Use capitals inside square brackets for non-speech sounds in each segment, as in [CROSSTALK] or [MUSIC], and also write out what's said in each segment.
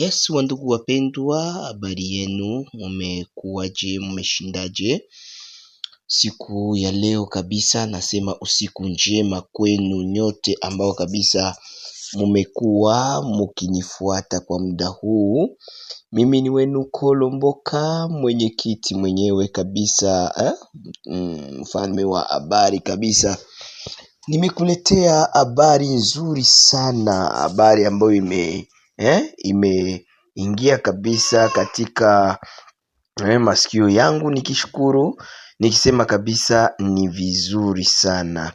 Yes wandugu wapendwa, habari yenu, mumekuwaje, mmeshindaje Siku ya leo kabisa nasema usiku njema kwenu nyote ambao kabisa mumekuwa mukinifuata kwa muda huu. Mimi ni wenu Kolomboka, mwenyekiti mwenyewe kabisa eh? Mfalme wa habari kabisa. Nimekuletea habari nzuri sana, habari ambayo ime Eh, imeingia kabisa katika eh, masikio yangu nikishukuru nikisema kabisa ni vizuri sana.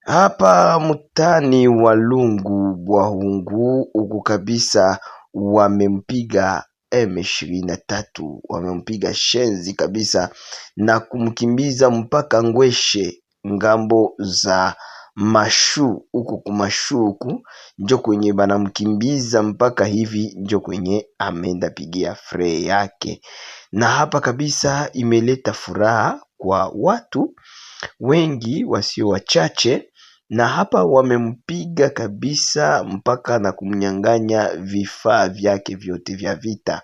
Hapa mtani lungu Walungu Bwahungu huku kabisa wamempiga M23, wamempiga shenzi kabisa na kumkimbiza mpaka Ngweshe ngambo za mashu huku ku huku njo kwenye banamkimbiza mpaka hivi njo kwenye ameenda pigia fre yake, na hapa kabisa imeleta furaha kwa watu wengi wasio wachache, na hapa wamempiga kabisa mpaka na kumnyang'anya vifaa vyake vyote vya vita,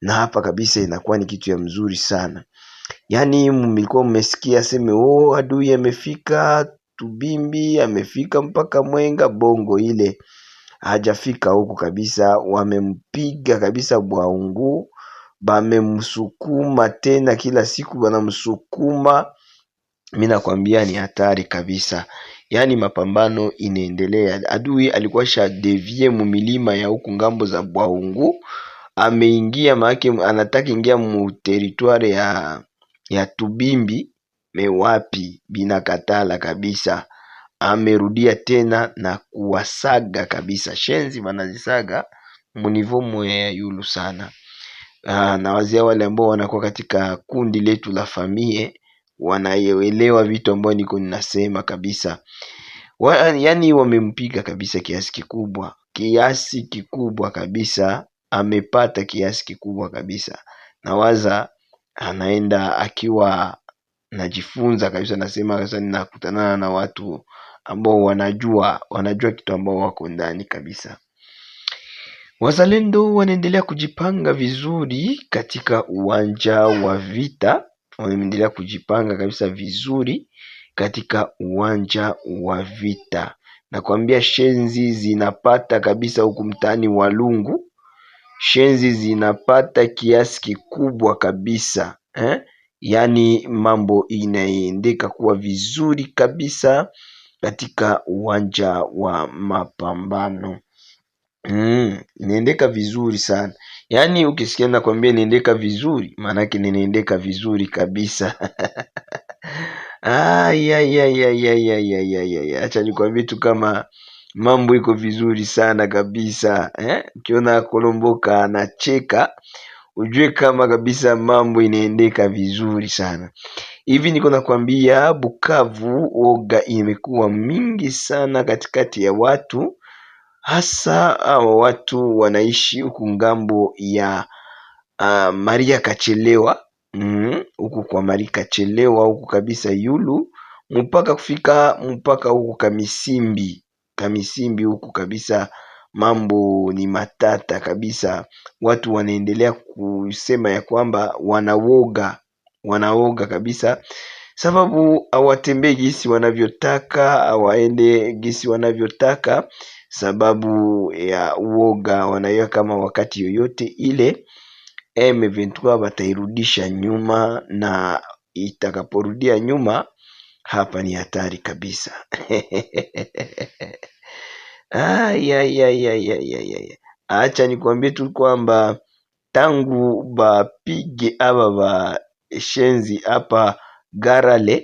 na hapa kabisa inakuwa ni kitu ya mzuri sana. Yaani mlikuwa mmesikia aseme oh, adui amefika Tubimbi amefika mpaka Mwenga bongo ile hajafika huku kabisa, wamempiga kabisa bwaungu, bamemsukuma tena, kila siku banamsukuma. Mi nakwambia ni hatari kabisa, yaani mapambano inaendelea. Adui alikuwa sha devie mumilima ya huku ngambo za bwaungu, ameingia maake anataka ingia mu territoire ya, ya Tubimbi Mewapi bina katala kabisa, amerudia tena na kuwasaga kabisa. Shenzi wanazisaga mnivo ya yulu sana. Aa, ah, na wazee wale ambao wanakuwa katika kundi letu la famie wanaelewa vitu ambao niko ninasema kabisa wa, yani wamempiga kabisa kiasi kikubwa kiasi kikubwa kabisa amepata kiasi kikubwa kabisa nawaza anaenda akiwa najifunza kabisa, nasema sasa ninakutanana na watu ambao wanajua wanajua kitu ambao wako ndani kabisa. Wazalendo wanaendelea kujipanga vizuri katika uwanja wa vita, wanaendelea kujipanga kabisa vizuri katika uwanja wa vita. Nakwambia shenzi zinapata kabisa huku mtaani Walungu, shenzi zinapata kiasi kikubwa kabisa eh? yaani mambo inaendeka kuwa vizuri kabisa katika uwanja wa mapambano mm, inaendeka vizuri sana yaani ukisikia nakwambia inaendeka vizuri maanake ninaendeka vizuri kabisa hacha [LAUGHS] nikwambie tu kama mambo iko vizuri sana kabisa eh? ukiona kolomboka anacheka ujue kama kabisa mambo inaendeka vizuri sana. Hivi niko nakwambia, Bukavu woga imekuwa mingi sana katikati ya watu, hasa hawa watu wanaishi huku ngambo ya uh, Maria Kachelewa mm, huku mm, kwa Maria Kachelewa huku kabisa yulu mpaka kufika mpaka huku Kamisimbi Kamisimbi huku kabisa mambo ni matata kabisa. Watu wanaendelea kusema ya kwamba wanawoga, wanaoga kabisa sababu hawatembei gisi wanavyotaka, hawaende gisi wanavyotaka sababu ya uoga. Wanaiwa kama wakati yoyote ile M23 watairudisha nyuma, na itakaporudia nyuma hapa ni hatari kabisa [LAUGHS] Ah, ya, ya, ya, ya, ya, ya, Acha nikwambie tu kwamba tangu bapige aba bashenzi hapa Garale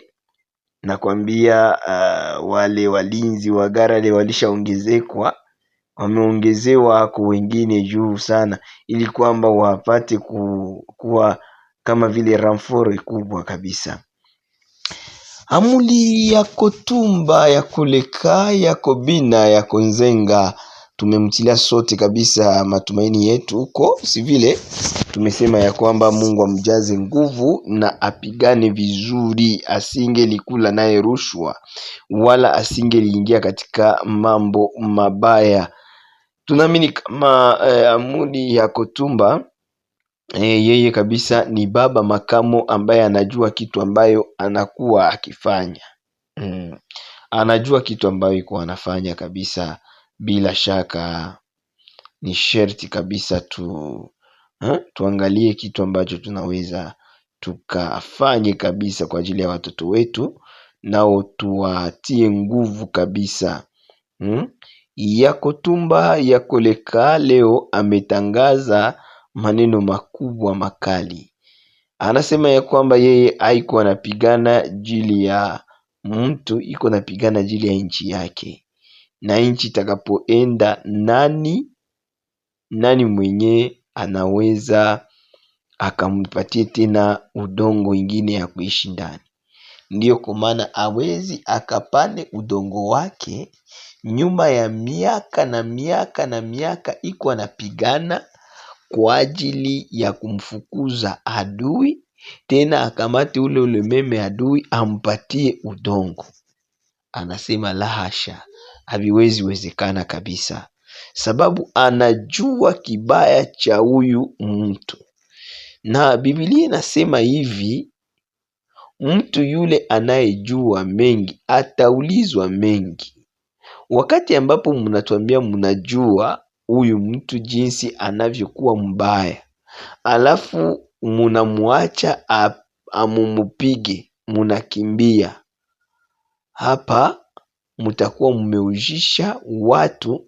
nakwambia, uh, wale walinzi wa Garale walishaongezekwa, wameongezewa wako wengine juu sana, ili kwamba wapate ku, kuwa kama vile ramfore kubwa kabisa. Amuli ya kotumba ya koleka ya kobina ya konzenga Tumemtilia sote kabisa matumaini yetu huko, si vile tumesema ya kwamba Mungu amjaze nguvu na apigane vizuri, asingelikula naye rushwa wala asingeliingia katika mambo mabaya. Tunaamini kama eh, amuli ya kotumba Eh, yeye kabisa ni baba makamo ambaye anajua kitu ambayo anakuwa akifanya mm. Anajua kitu ambayo iko anafanya kabisa, bila shaka ni sherti kabisa tu ha? Eh, tuangalie kitu ambacho tunaweza tukafanye kabisa kwa ajili ya watoto wetu, nao tuwatie nguvu kabisa hmm? Yako Tumba Yako Leka leo ametangaza maneno makubwa makali. Anasema ya kwamba yeye haikuwa anapigana ajili ya mtu, iko anapigana ajili ya nchi yake, na nchi itakapoenda, nani nani mwenye anaweza akampatie tena udongo ingine ya kuishi ndani. Ndiyo kwa maana hawezi akapande udongo wake nyuma ya miaka na miaka na miaka, iko anapigana kwa ajili ya kumfukuza adui, tena akamate ule ulememe adui ampatie udongo. Anasema la hasha, haviwezi wezekana kabisa, sababu anajua kibaya cha huyu mtu, na Biblia inasema hivi mtu yule anayejua mengi ataulizwa mengi. Wakati ambapo mnatuambia mnajua, huyu mtu jinsi anavyokuwa mbaya, alafu mnamwacha amumupige, munakimbia. Hapa mutakuwa mumeuzisha watu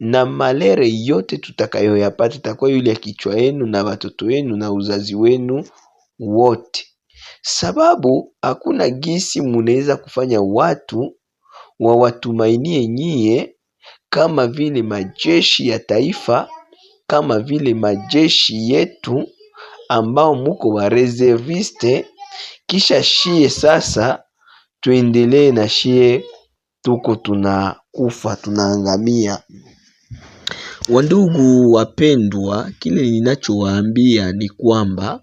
na malere yote tutakayoyapata itakuwa yule ya kichwa yenu na watoto wenu na uzazi wenu wote, sababu hakuna gisi munaweza kufanya watu wawatumainie nyie kama vile majeshi ya taifa, kama vile majeshi yetu ambao muko wa reserviste kisha shie sasa tuendelee na shie tuko tunakufa tunaangamia. Wandugu wapendwa, kile ninachowaambia ni kwamba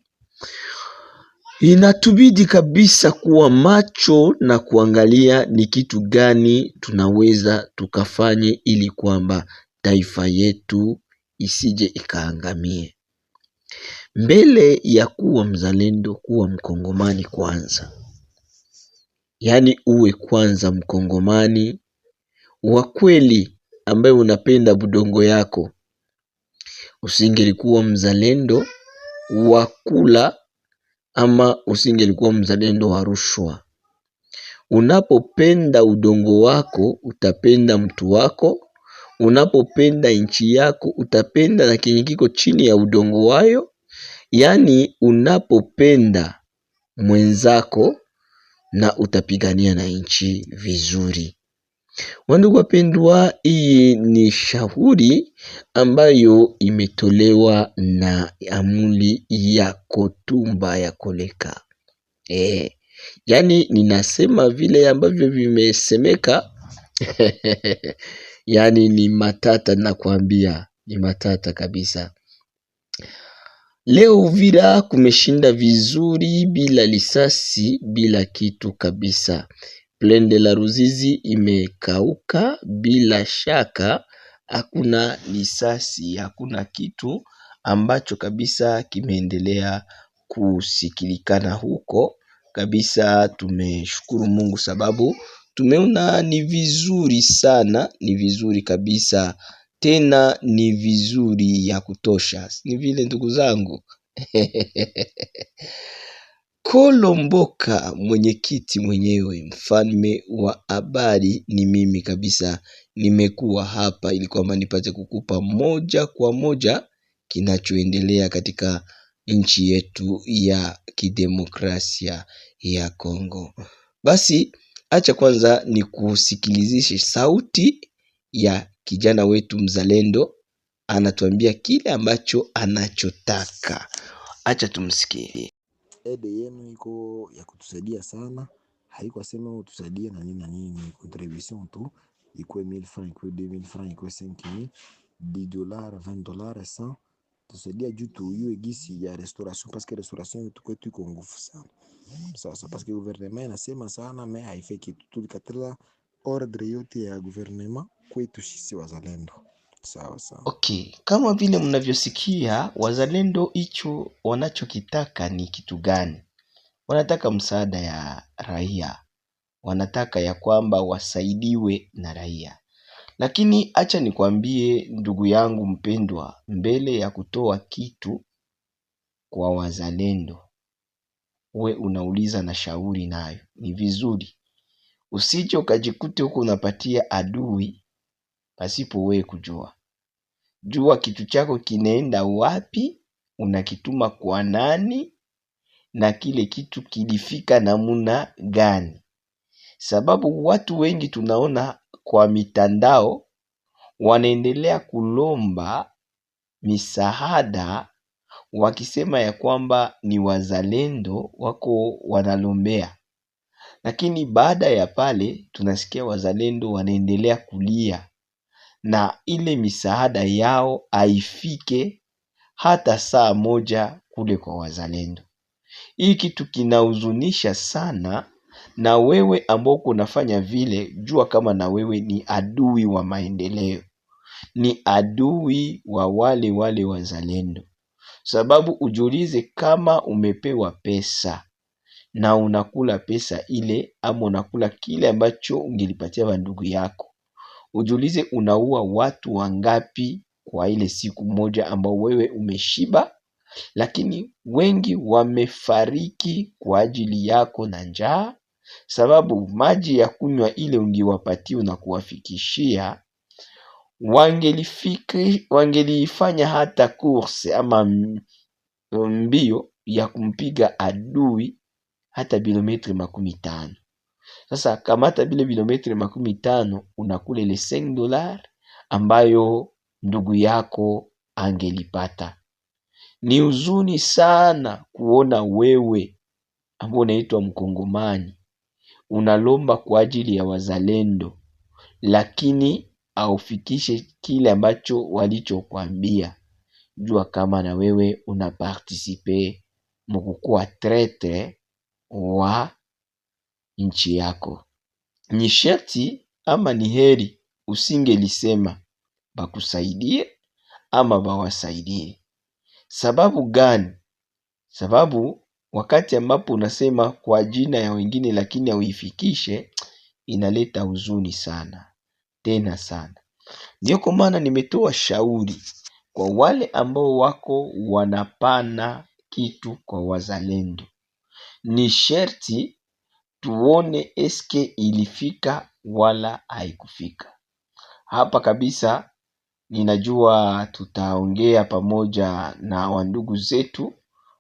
Inatubidi kabisa kuwa macho na kuangalia ni kitu gani tunaweza tukafanye ili kwamba taifa yetu isije ikaangamie. Mbele ya kuwa mzalendo, kuwa mkongomani kwanza. Yaani uwe kwanza mkongomani wa kweli ambaye unapenda budongo yako. Usingelikuwa mzalendo wa kula ama usingelikuwa mzalendo wa rushwa. Unapopenda udongo wako utapenda mtu wako, unapopenda nchi yako utapenda na kenye kiko chini ya udongo wayo. Yaani, unapopenda mwenzako na utapigania na nchi vizuri. Wandugu wapendwa, hii ni shauri ambayo imetolewa na amuli ya kotumba ya koleka e, yaani ninasema vile ambavyo vimesemeka [LAUGHS] yaani ni matata nakwambia, ni matata kabisa. Leo Uvira kumeshinda vizuri bila lisasi bila kitu kabisa. Plende la Ruzizi imekauka bila shaka, hakuna risasi, hakuna kitu ambacho kabisa kimeendelea kusikilikana huko kabisa. Tumeshukuru Mungu sababu tumeona ni vizuri sana, ni vizuri kabisa, tena ni vizuri ya kutosha. Ni vile ndugu zangu [LAUGHS] Kolo Mboka mwenyekiti mwenyewe mfalme wa habari ni mimi kabisa. Nimekuwa hapa ili kwamba nipate kukupa moja kwa moja kinachoendelea katika nchi yetu ya kidemokrasia ya Kongo. Basi acha kwanza ni kusikilizishe sauti ya kijana wetu mzalendo, anatuambia kile ambacho anachotaka. Acha tumsikie. EDM iko ya kutusaidia sana, haiko sema utusaidie na nini na nini, contribution tu ikwe 1000 francs ikuwe 2000 francs ikuwe 5000 10 dollars 20 dollars 100 tusaidia juu tuyue gisi ya restauration, parce que restauration yetu kwetu iko ngufu sana sasa, parce que gouvernement inasema sana me haifai tulikatala ordre yote ya gouvernement kwetu sisi wazalendo. Sawa sawa. Okay, kama vile mnavyosikia wazalendo hicho wanachokitaka ni kitu gani? Wanataka msaada ya raia, wanataka ya kwamba wasaidiwe na raia. Lakini acha nikwambie ndugu yangu mpendwa, mbele ya kutoa kitu kwa wazalendo, we unauliza na shauri nayo, ni vizuri usije ukajikute huko unapatia adui pasipo wewe kujua. Jua kitu chako kinaenda wapi, unakituma kwa nani, na kile kitu kilifika namuna gani. Sababu watu wengi tunaona kwa mitandao wanaendelea kulomba misaada wakisema ya kwamba ni wazalendo wako wanalombea, lakini baada ya pale tunasikia wazalendo wanaendelea kulia na ile misaada yao haifike hata saa moja kule kwa wazalendo. Hii kitu kinahuzunisha sana, na wewe ambao kunafanya vile, jua kama na wewe ni adui wa maendeleo, ni adui wa wale wale wazalendo, sababu ujiulize, kama umepewa pesa na unakula pesa ile ama unakula kile ambacho ungelipatia bandugu yako ujiulize unaua watu wangapi kwa ile siku moja ambao wewe umeshiba, lakini wengi wamefariki kwa ajili yako na njaa, sababu maji ya kunywa ile ungiwapatia na kuwafikishia wangelifanya hata kurse ama mbio ya kumpiga adui hata kilometri makumi tano. Sasa kamata vile vilometri makumi tano unakula ile 5 dollars ambayo ndugu yako angelipata. Ni huzuni sana kuona wewe ambao unaitwa Mkongomani unalomba kwa ajili ya wazalendo, lakini aufikishe kile ambacho walichokwambia. Jua kama na wewe unapartisipe partisipe mukukua tretre wa nchi yako. Ni sharti ama ni heri usingelisema bakusaidie ama bawasaidie. Sababu gani? Sababu wakati ambapo unasema kwa jina ya wengine lakini hauifikishe, inaleta huzuni sana tena sana. Ndio kwa maana nimetoa shauri kwa wale ambao wako wanapana kitu kwa wazalendo, ni sherti tuone eske ilifika wala haikufika. Hapa kabisa ninajua tutaongea pamoja na wandugu zetu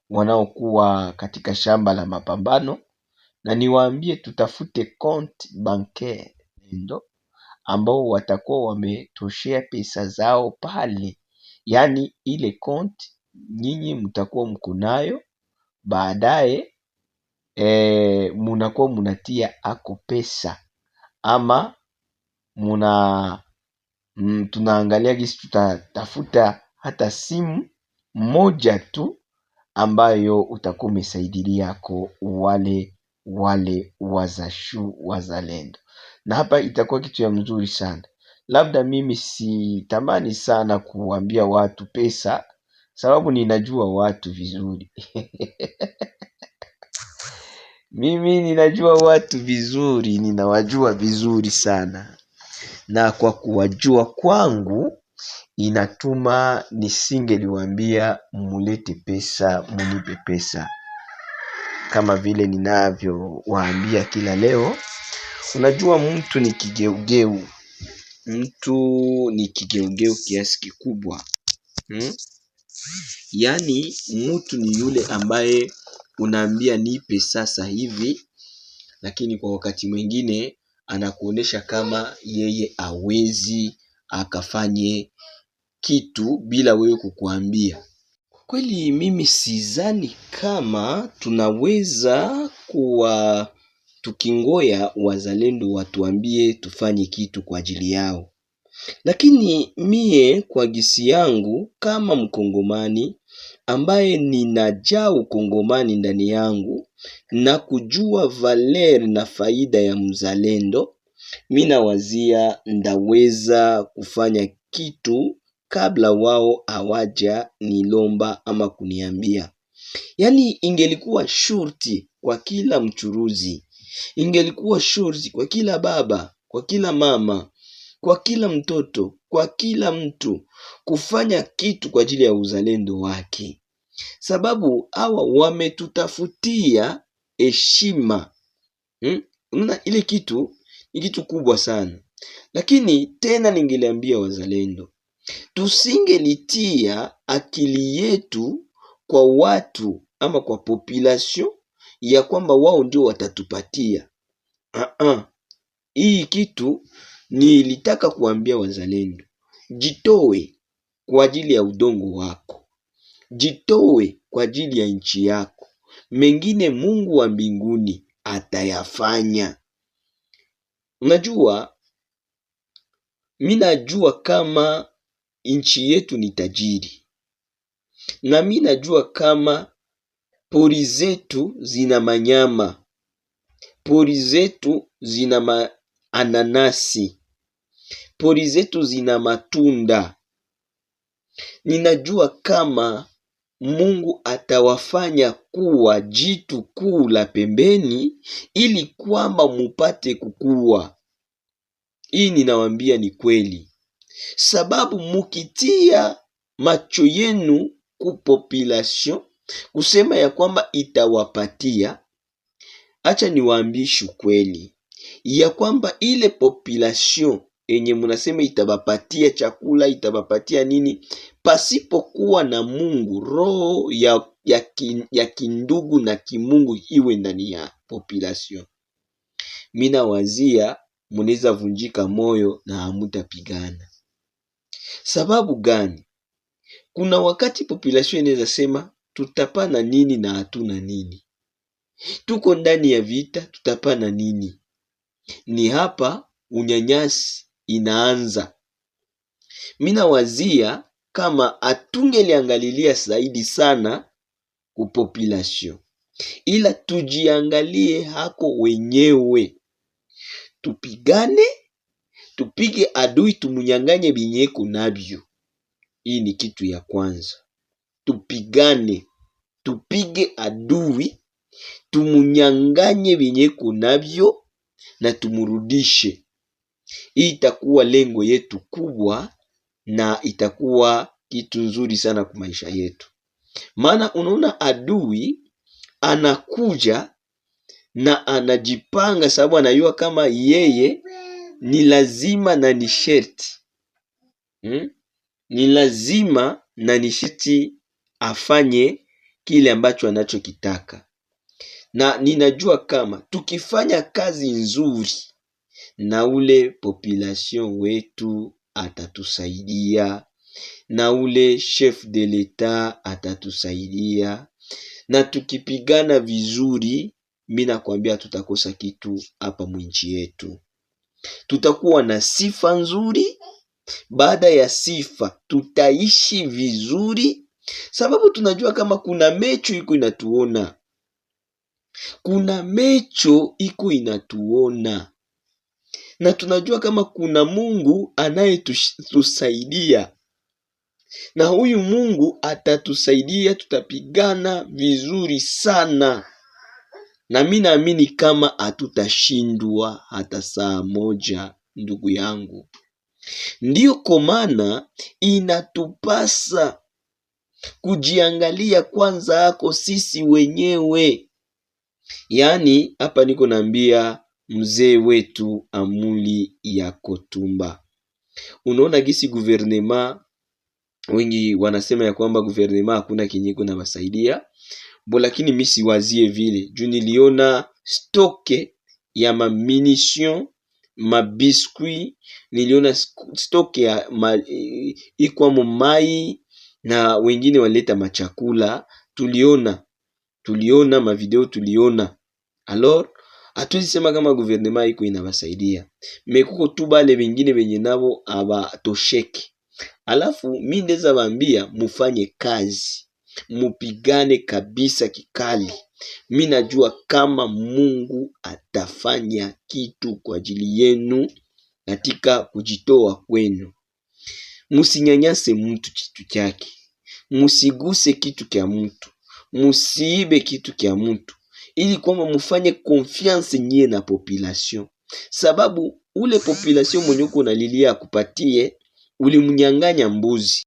wanaokuwa katika shamba la mapambano, na niwaambie tutafute compte bancaire ndo ambao watakuwa wametoshea pesa zao pale, yaani ile konti nyinyi mtakuwa mkunayo baadaye e, munakuwa munatia ako pesa ama muna mm, tunaangalia gisi tutatafuta hata simu moja tu ambayo utakuwa umesaidilia yako wale wale wazashu wazalendo, na hapa itakuwa kitu ya mzuri sana. Labda mimi sitamani sana kuambia watu pesa, sababu ninajua watu vizuri [LAUGHS] Mimi ninajua watu vizuri, ninawajua vizuri sana. Na kwa kuwajua kwangu, inatuma nisingeliwambia mulete pesa, munipe pesa. Kama vile ninavyowaambia kila leo, unajua mtu ni kigeugeu. Mtu ni kigeugeu kiasi kikubwa. Hmm? Yaani mtu ni yule ambaye unaambia nipe sasa hivi, lakini kwa wakati mwingine anakuonesha kama yeye awezi akafanye kitu bila wewe kukuambia. Kwa kweli mimi sizani kama tunaweza kuwa tukingoya wazalendo watuambie tufanye kitu kwa ajili yao. Lakini mie kwa gisi yangu kama mkongomani ambaye ninajaa ukongomani ndani yangu na kujua valer na faida ya mzalendo, mi nawazia ndaweza kufanya kitu kabla wao hawaja nilomba ama kuniambia. Yaani ingelikuwa shurti kwa kila mchuruzi, ingelikuwa shurti kwa kila baba, kwa kila mama, kwa kila mtoto, kwa kila mtu kufanya kitu kwa ajili ya uzalendo wake sababu hawa wametutafutia heshima hmm? Mna ile kitu ni kitu kubwa sana, lakini tena ningeliambia wazalendo, tusingelitia akili yetu kwa watu ama kwa population ya kwamba wao ndio watatupatia uh-uh. Hii kitu nilitaka kuambia wazalendo, jitoe kwa ajili ya udongo wako. Jitoe kwa ajili ya nchi yako. Mengine Mungu wa mbinguni atayafanya. Unajua, mi najua kama nchi yetu ni tajiri, na mi najua kama pori zetu zina manyama, pori zetu zina maananasi, pori zetu zina matunda. Ninajua kama Mungu atawafanya kuwa jitu kuu la pembeni, ili kwamba mupate kukua. Hii ninawambia ni kweli, sababu mukitia macho yenu ku population kusema ya kwamba itawapatia. Acha niwaambishe kweli ya kwamba ile population yenye mnasema itawapatia chakula, itawapatia nini, pasipokuwa na Mungu, roho ya, ya, kin, ya kindugu na kimungu iwe ndani ya population, mina wazia munaweza vunjika moyo na hamutapigana. Sababu gani? Kuna wakati population inaweza sema tutapana nini na hatuna nini, tuko ndani ya vita, tutapana nini? Ni hapa unyanyasi inaanza. Mimi nawazia kama atungeliangalilia zaidi sana kupopulation, ila tujiangalie hako wenyewe, tupigane, tupige adui, tumunyanganye binyeku nabyo. Hii ni kitu ya kwanza, tupigane, tupige adui, tumunyanganye binyeku nabyo na tumurudishe hii itakuwa lengo yetu kubwa na itakuwa kitu nzuri sana kwa maisha yetu, maana unaona adui anakuja na anajipanga, sababu anajua kama yeye ni lazima na ni sherti hmm? Ni lazima na ni sherti afanye kile ambacho anachokitaka, na ninajua kama tukifanya kazi nzuri na ule population wetu atatusaidia, na ule chef de l'etat atatusaidia, na tukipigana vizuri, mimi nakwambia tutakosa kitu hapa mwinchi yetu. Tutakuwa na sifa nzuri. Baada ya sifa, tutaishi vizuri, sababu tunajua kama kuna mecho iko inatuona, kuna mecho iko inatuona na tunajua kama kuna Mungu anayetusaidia na huyu Mungu atatusaidia, tutapigana vizuri sana, na mimi naamini kama hatutashindwa hata saa moja, ndugu yangu. Ndiyo kwa maana inatupasa kujiangalia kwanza ako sisi wenyewe, yaani hapa niko naambia mzee wetu Amuli ya Kotumba. Unaona gisi guvernema, wengi wanasema ya kwamba guvernema hakuna kinyiko na basaidia bo, lakini misi wazie vile juu niliona stoke ya mamunition mabiskuit, niliona stoke ya ma, ikwamo mai na wengine waleta machakula tuliona tuliona mavideo tuliona alor hatuwezi sema kama guvernema iko inabasaidia mekuko tu bale bengine benye nabo abatosheke Alafu mi ndeza bambia mufanye kazi, mupigane kabisa kikali. Mi najua kama Mungu atafanya kitu kwa ajili yenu katika kujitoa kwenu. Musinyanyase mtu kitu chake, musiguse kitu kya mtu, musiibe kitu kya mtu ili kwamba mufanye confiance nyie na population, sababu ule population mwenye uko nalilia akupatie ulimnyang'anya mbuzi